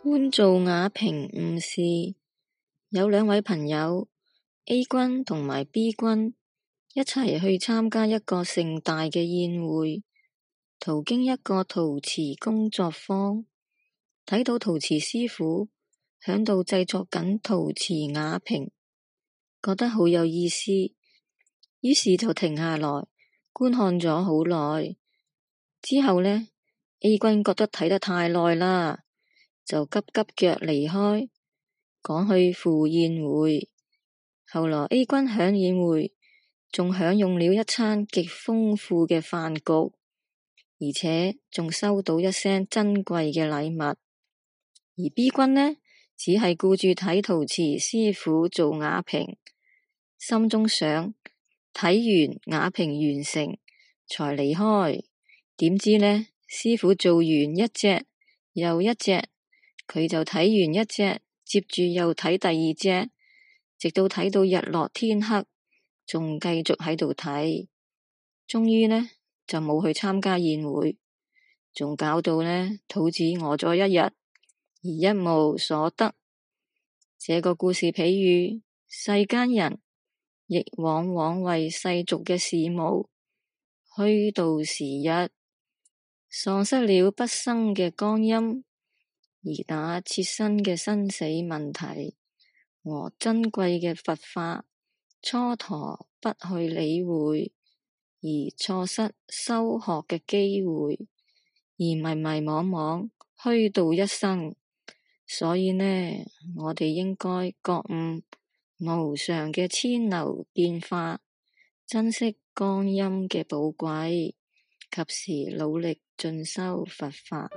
觀做瓦瓶誤時。有兩位朋友 A 君同埋 B 君一齊去參加一個盛大嘅宴會，途經一個陶瓷工作坊，睇到陶瓷師傅響度製作緊陶瓷瓦瓶，覺得好有意思，於是就停下來觀看咗好耐。之後呢，A 君覺得睇得太耐啦。就急急腳離開，趕去赴宴會。後來 A 君響宴會，仲享用了一餐極豐富嘅飯局，而且仲收到一些珍貴嘅禮物。而 B 君呢，只係顧住睇陶瓷師傅做瓦瓶，心中想睇完瓦瓶完成才離開。點知呢，師傅做完一隻又一隻。佢就睇完一隻，接住，又睇第二隻，直到睇到日落天黑，仲繼續喺度睇。終於呢，就冇去參加宴會，仲搞到呢，肚子餓咗一日，而一無所得。這個故事譬喻世間人，亦往往為世俗嘅事務虛度時日，喪失了畢生嘅光陰。而打切身嘅生死問題和珍貴嘅佛法蹉跎不去理會，而錯失修學嘅機會，而迷迷惘惘虛度一生。所以呢，我哋應該覺悟無常嘅千流變化，珍惜光陰嘅寶貴，及時努力進修佛法。